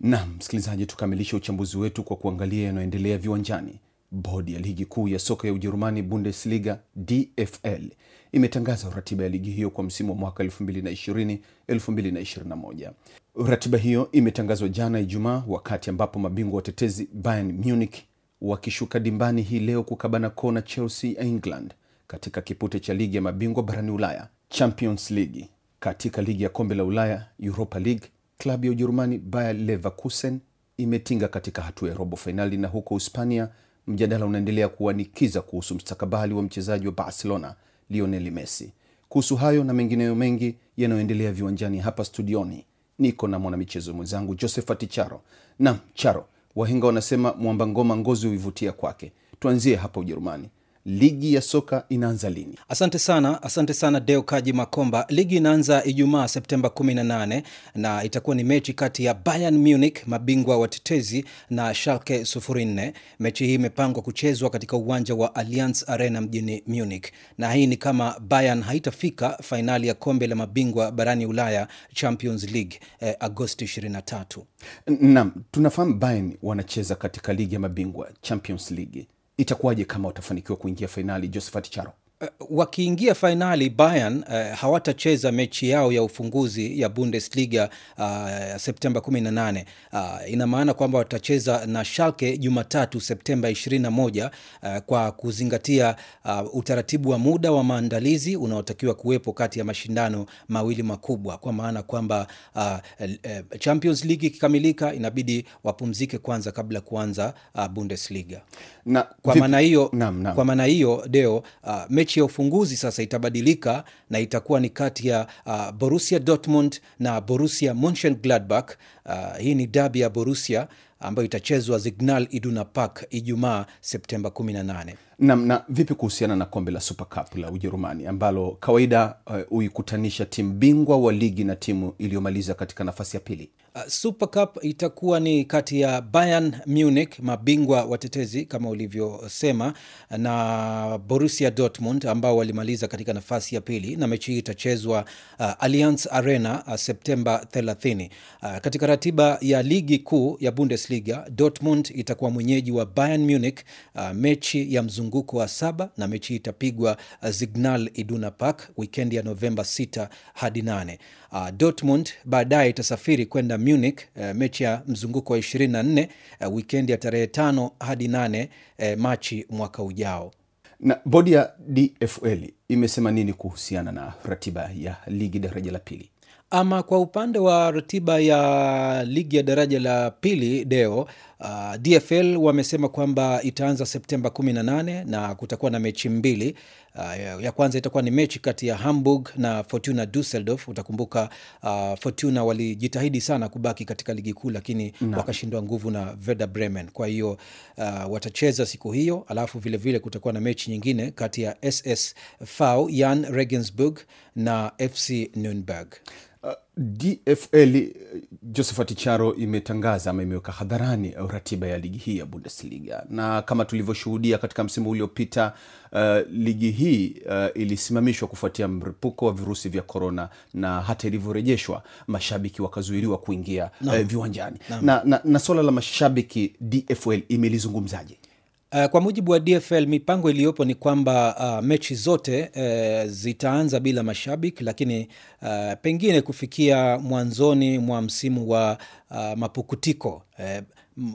na msikilizaji, tukamilishe uchambuzi wetu kwa kuangalia yanayoendelea viwanjani. Bodi ya ligi kuu ya soka ya Ujerumani, Bundesliga DFL, imetangaza ratiba ya ligi hiyo kwa msimu wa mwaka 2020 2021. Ratiba hiyo imetangazwa jana Ijumaa, wakati ambapo mabingwa watetezi Bayern Munich wakishuka dimbani hii leo kukabana kona Chelsea ya England katika kipute cha ligi ya mabingwa barani Ulaya, Champions League. Katika ligi ya kombe la Ulaya, Europa League, klabu ya Ujerumani Bayer Leverkusen imetinga katika hatua ya robo fainali, na huko Hispania mjadala unaendelea kuanikiza kuhusu mstakabali wa mchezaji wa Barcelona Lionel Messi. Kuhusu hayo na mengineyo mengi yanayoendelea viwanjani, hapa studioni niko na mwanamichezo mwenzangu Josephat Charo. nam Charo, wahenga wanasema mwamba ngoma ngozi huivutia kwake. Tuanzie hapa Ujerumani ligi ya soka inaanza lini? Asante sana, asante sana Deo Kaji Makomba. Ligi inaanza Ijumaa Septemba 18 na itakuwa ni mechi kati ya Bayern Munich, mabingwa watetezi, na shalke 4 Mechi hii imepangwa kuchezwa katika uwanja wa alliance Arena mjini Munich, na hii ni kama Bayern haitafika fainali ya kombe la mabingwa barani Ulaya, Champions League, eh, Agosti 23. Naam, tunafahamu Bayern wanacheza katika ligi ya mabingwa Champions League itakuwaje kama watafanikiwa kuingia fainali Josephat Charo? Uh, wakiingia fainali Bayern uh, hawatacheza mechi yao ya ufunguzi ya Bundesliga uh, Septemba 18. Uh, ina maana kwamba watacheza na Schalke Jumatatu Septemba 21 uh, kwa kuzingatia uh, utaratibu wa muda wa maandalizi unaotakiwa kuwepo kati ya mashindano mawili makubwa, kwa maana kwamba uh, uh, Champions League ikikamilika inabidi wapumzike kwanza kabla kuanza uh, Bundesliga na, kwa maana hiyo kwa maana hiyo deo uh, mechi ya ufunguzi sasa itabadilika na itakuwa ni kati ya uh, borusia Dortmund na munchen gladbach Uh, hii ni dabi ya borusia ambayo itachezwa Signal Iduna Park Ijumaa Septemba 18. Na, na vipi kuhusiana na kombe la Super Cup la Ujerumani ambalo kawaida uh, huikutanisha uh, timu bingwa wa ligi na timu iliyomaliza katika nafasi ya pili? Uh, Super Cup itakuwa ni kati ya Bayern Munich, mabingwa watetezi kama ulivyosema, na borusia Dortmund ambao walimaliza katika nafasi ya pili, na mechi hii itachezwa uh, alliance Arena uh, Septemba 30. Uh, katika ratiba ya ligi kuu ya Bundesliga, Dortmund itakuwa mwenyeji wa Bayern Munich uh, mechi ya mzungu mzunguko wa saba na mechi itapigwa uh, Signal Iduna Park wikendi ya Novemba 6 hadi 8. Uh, Dortmund baadaye itasafiri kwenda Munich, uh, mechi ya mzunguko wa 24 uh, wikendi ya tarehe 5 hadi 8 uh, Machi mwaka ujao. Na bodi ya DFL imesema nini kuhusiana na ratiba ya ligi daraja la pili? Ama kwa upande wa ratiba ya ligi ya daraja la pili deo, Uh, ah, DFL wamesema kwamba itaanza Septemba 18 na kutakuwa na mechi mbili. Uh, ya kwanza itakuwa ni mechi kati ya Hamburg na Fortuna Dusseldorf. Utakumbuka uh, Fortuna walijitahidi sana kubaki katika ligi kuu lakini wakashindwa nguvu na Werder Bremen. Kwa hiyo uh, watacheza siku hiyo, alafu vilevile vile kutakuwa na mechi nyingine kati ya SSV Jan Regensburg na FC Nürnberg. Uh, DFL eh, Josephat Charo imetangaza ama imeweka hadharani eh, ratiba ya ligi hii ya Bundesliga, na kama tulivyoshuhudia katika msimu uliopita uh, ligi hii uh, ilisimamishwa kufuatia mripuko wa virusi vya korona, na hata ilivyorejeshwa mashabiki wakazuiliwa kuingia no. uh, viwanjani no. na, na, na swala la mashabiki DFL imelizungumzaje? Uh, kwa mujibu wa DFL mipango iliyopo ni kwamba uh, mechi zote uh, zitaanza bila mashabiki, lakini uh, pengine kufikia mwanzoni mwa msimu wa uh, mapukutiko uh,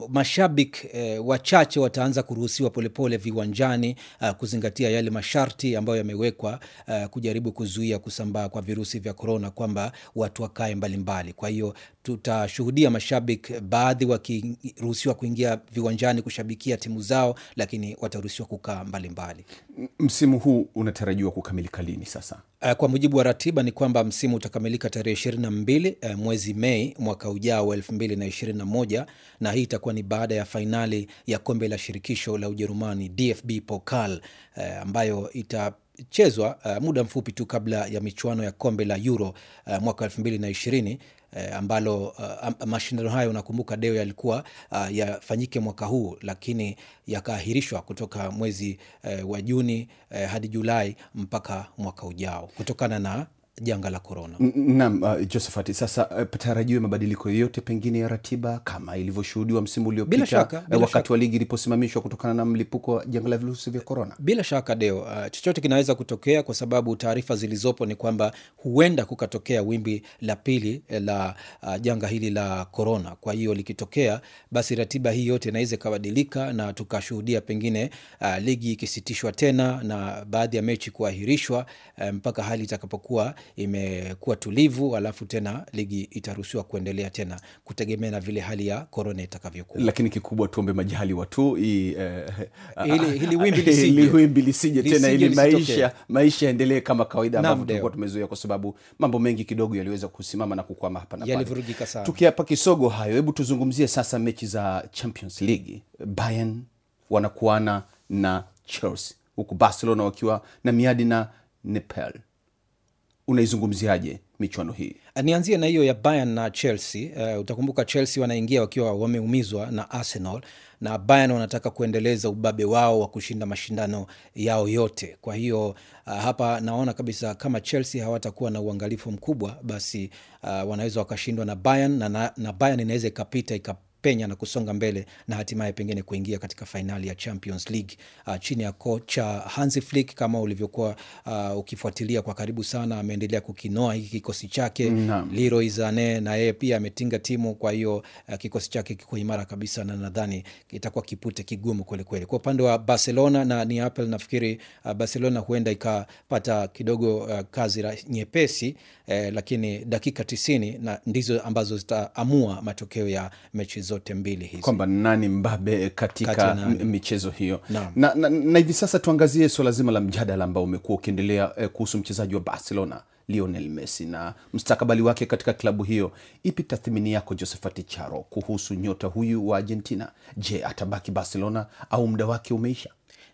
mashabiki e, eh, wachache wataanza kuruhusiwa polepole viwanjani a, eh, kuzingatia yale masharti ambayo yamewekwa eh, kujaribu kuzuia kusambaa kwa virusi vya korona, kwamba watu wakae mbalimbali. Kwa hiyo tutashuhudia mashabiki baadhi wakiruhusiwa kuingia viwanjani kushabikia timu zao, lakini wataruhusiwa kukaa mbalimbali. Msimu huu unatarajiwa kukamilika lini sasa? Kwa mujibu wa ratiba ni kwamba msimu utakamilika tarehe ishirini na mbili mwezi Mei mwaka ujao wa elfu mbili na ishirini na moja na hii itakuwa ni baada ya fainali ya kombe la shirikisho la Ujerumani DFB Pokal eh, ambayo ita chezwa uh, eh, muda mfupi tu kabla ya michuano ya kombe la Euro uh, mwaka elfu mbili na ishirini uh, ambalo uh, mashindano hayo unakumbuka, Deo, yalikuwa uh, yafanyike mwaka huu, lakini yakaahirishwa kutoka mwezi uh, wa Juni uh, hadi Julai mpaka mwaka ujao kutokana na janga la korona. nam uh, Josephat, sasa uh, tarajiwe mabadiliko yoyote pengine ya ratiba kama ilivyoshuhudiwa msimu uliopita uh, wakati wa ligi iliposimamishwa kutokana na mlipuko wa janga la virusi vya korona? Bila shaka Deo, uh, chochote kinaweza kutokea kwa sababu taarifa zilizopo ni kwamba huenda kukatokea wimbi la pili eh, la uh, janga hili la korona. Kwa hiyo likitokea, basi ratiba hii yote inaweza ikabadilika na tukashuhudia pengine uh, ligi ikisitishwa tena na baadhi ya mechi kuahirishwa uh, mpaka hali itakapokuwa imekuwa tulivu, alafu tena ligi itaruhusiwa kuendelea tena kutegemea na vile hali ya korona itakavyokuwa. Lakini kikubwa tuombe majahali watu hii hili eh, ah, wimbi lisije wimbi lisije tena, ili maisha maisha yaendelee kama kawaida ambavyo tulikuwa tumezoea, kwa sababu mambo mengi kidogo yaliweza kusimama na kukwama hapa na pale, yalivurugika sana. Tukiapa kisogo hayo, hebu tuzungumzie sasa mechi za Champions League. Bayern wanakuana na Chelsea huku Barcelona wakiwa na miadi na Nepal unaizungumziaje michuano hii? Eh, nianzie na hiyo ya Bayern na Chelsea. Uh, utakumbuka Chelsea wanaingia wakiwa wameumizwa na Arsenal na Bayern wanataka kuendeleza ubabe wao wa kushinda mashindano yao yote. Kwa hiyo uh, hapa naona kabisa kama Chelsea hawatakuwa na uangalifu mkubwa, basi uh, wanaweza wakashindwa na Bayern na, na, na Bayern inaweza ikapita ika kupenya na kusonga mbele na hatimaye pengine kuingia katika fainali ya Champions League uh, chini ya kocha Hansi Flick kama ulivyokuwa uh, ukifuatilia kwa karibu sana, ameendelea kukinoa hiki kikosi chake mm. Leroy Sané na yeye pia ametinga timu, kwa hiyo uh, kikosi chake kiko imara kabisa na nadhani itakuwa kipute kigumu kweli kweli kwa upande wa Barcelona na Neapel. Nafikiri uh, Barcelona huenda ikapata kidogo uh, kazi nyepesi eh, lakini dakika tisini na ndizo ambazo zitaamua matokeo ya mechi zote zote mbili hizi kwamba nani mbabe katika michezo hiyo na, na, na, na hivi sasa tuangazie suala so zima la mjadala ambao umekuwa ukiendelea eh, kuhusu mchezaji wa Barcelona Lionel Messi na mstakabali wake katika klabu hiyo. Ipi tathmini yako Josephat Charo kuhusu nyota huyu wa Argentina? Je, atabaki Barcelona au muda wake umeisha?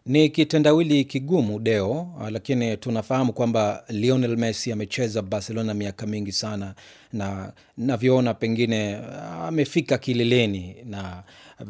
Ni kitendawili kigumu Deo, lakini tunafahamu kwamba Lionel Messi amecheza Barcelona miaka mingi sana, na navyoona pengine ah, amefika kileleni, na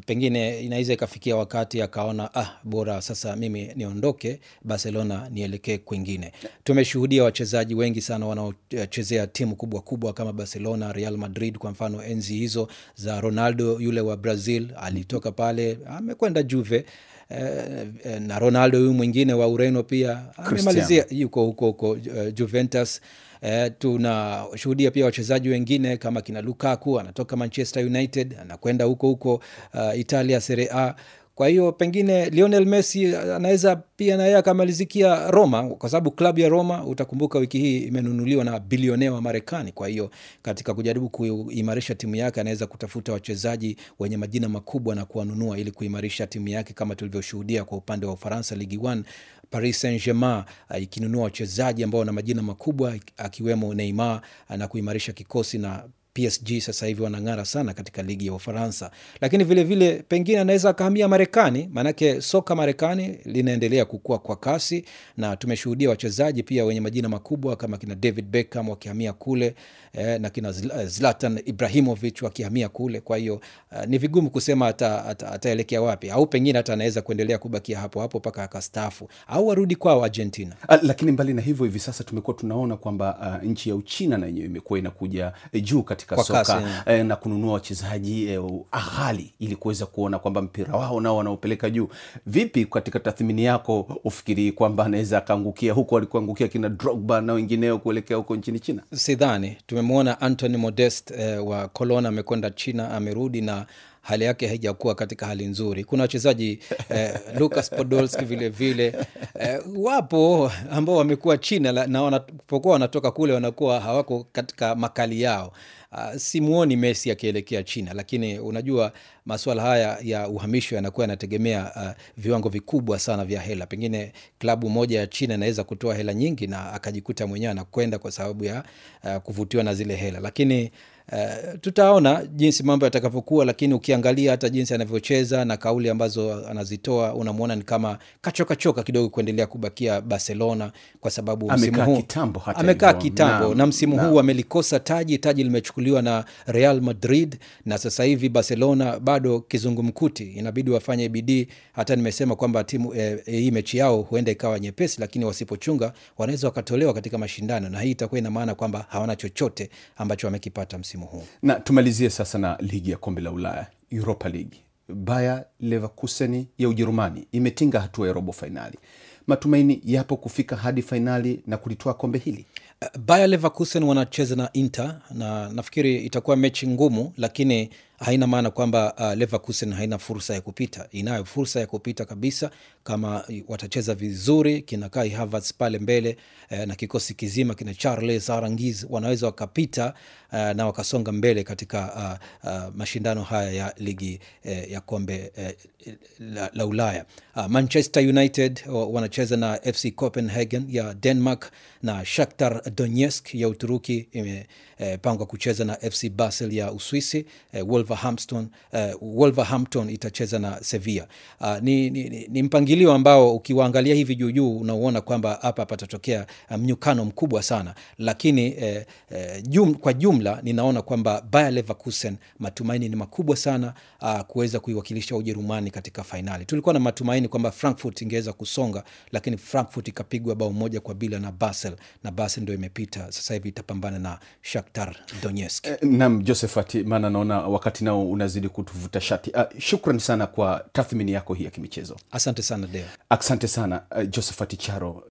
pengine inaweza ikafikia wakati akaona ah, bora sasa mimi niondoke Barcelona nielekee kwingine. Tumeshuhudia wachezaji wengi sana wanaochezea timu kubwa kubwa kama Barcelona, Real Madrid kwa mfano, enzi hizo za Ronaldo yule wa Brazil alitoka pale amekwenda Juve. Eh, eh, na Ronaldo huyu mwingine wa Ureno pia amemalizia, ah, yuko huko huko eh, Juventus. E, tunashuhudia pia wachezaji wengine kama kina Lukaku anatoka Manchester United anakwenda huko huko uh, Italia Serie A kwa hiyo pengine Lionel Messi anaweza pia na yeye akamalizikia Roma, kwa sababu klabu ya Roma utakumbuka wiki hii imenunuliwa na bilionea wa Marekani. Kwa hiyo katika kujaribu kuimarisha timu yake, anaweza kutafuta wachezaji wenye majina makubwa na kuwanunua ili kuimarisha timu yake, kama tulivyoshuhudia kwa upande wa Ufaransa, ligi 1 Paris Saint-Germain ah, ikinunua wachezaji ambao wana majina makubwa akiwemo Neymar ah, na kuimarisha kikosi na PSG sasa hivi wanang'ara sana katika ligi ya Ufaransa, lakini vilevile vile, pengine anaweza akahamia Marekani, maanake soka Marekani linaendelea kukua kwa kasi, na tumeshuhudia wachezaji pia wenye majina makubwa kama kina David Beckham wakihamia kule eh, na kina eh, Zlatan Ibrahimovic wakihamia kule. Kwa hiyo uh, ni vigumu kusema ataelekea ata, ata wapi, au pengine hata anaweza kuendelea kubakia hapo hapo mpaka akastaafu au arudi kwao Argentina. A, ah, lakini mbali na hivyo, hivi sasa tumekuwa tunaona kwamba uh, nchi ya Uchina na yenyewe imekuwa inakuja eh, juu katika katika kwa soka e, na kununua wachezaji e, ahali ili kuweza kuona kwamba mpira wao nao wanaopeleka juu. Vipi katika tathmini yako, ufikiri kwamba anaweza akaangukia huko alikuangukia kina Drogba na wengineo kuelekea huko nchini China? Sidhani. Tumemwona Anthony Modest e, wa colona amekwenda China, amerudi na hali yake haijakuwa katika hali nzuri. Kuna wachezaji eh, Lukas Podolski vilevile eh, wapo ambao wamekuwa China na wanapokuwa wanatoka kule wanakuwa hawako katika makali yao. Uh, simuoni mesi akielekea China, lakini unajua maswala haya ya uhamisho yanakuwa yanategemea uh, viwango vikubwa sana vya hela. Pengine klabu moja ya China inaweza kutoa hela nyingi na akajikuta mwenyewe anakwenda kwa sababu ya uh, kuvutiwa na zile hela, lakini Eh, tutaona jinsi mambo yatakavyokuwa, lakini ukiangalia hata jinsi anavyocheza na kauli ambazo anazitoa unamwona ni kama kachokachoka kidogo kuendelea kubakia Barcelona kwa sababu amekaa kitambo na, na msimu huu amelikosa taji, taji limechukuliwa na Real Madrid na sasa hivi Barcelona bado kizungumkuti, inabidi wafanye bidii. Hata nimesema kwamba timu eh, hii mechi yao huenda ikawa nyepesi, lakini wasipochunga wanaweza wakatolewa katika mashindano, na hii itakuwa ina maana kwamba hawana chochote ambacho wamekipata msimu msimu huu. Na tumalizie sasa na ligi ya kombe la Ulaya, Europa League. Bayer Leverkusen ya Ujerumani imetinga hatua ya robo fainali. Matumaini yapo kufika hadi fainali na kulitoa kombe hili. Bayer Leverkusen wanacheza na Inter na nafikiri itakuwa mechi ngumu, lakini haina maana kwamba uh, Leverkusen haina fursa ya kupita. Inayo fursa ya kupita kabisa, kama watacheza vizuri kina Kai Havertz pale mbele eh, na kikosi kizima kina Charles Arangiz wanaweza wakapita uh, na wakasonga mbele katika uh, uh, mashindano haya ya ligi eh, ya kombe eh, la, la Ulaya. Uh, Manchester United wanacheza na FC Copenhagen ya Denmark na Shakhtar Donetsk ya Uturuki imepangwa eh, kucheza na FC Basel ya Uswisi eh, Wolverhampton, uh, Wolverhampton itacheza na Sevilla. Uh, ni, ni, ni mpangilio ambao ukiwaangalia hivi juu juu unauona kwamba hapa patatokea uh, mnyukano um, mkubwa sana, lakini eh, eh, jum, kwa jumla ninaona kwamba Bayer Leverkusen matumaini ni makubwa sana uh, kuweza kuiwakilisha Ujerumani katika fainali. Tulikuwa na matumaini kwamba Frankfurt ingeweza kusonga, lakini Frankfurt ikapigwa bao moja kwa bila na Basel, na Basel ndio imepita sasa hivi itapambana na Shakhtar Donetsk. Eh, naam, Josephat, maana naona wakati wakati nao unazidi kutuvuta shati. Uh, ah, shukran sana kwa tathmini yako hii ya kimichezo. Asante sana Deo. Asante sana uh, Josephat Charo.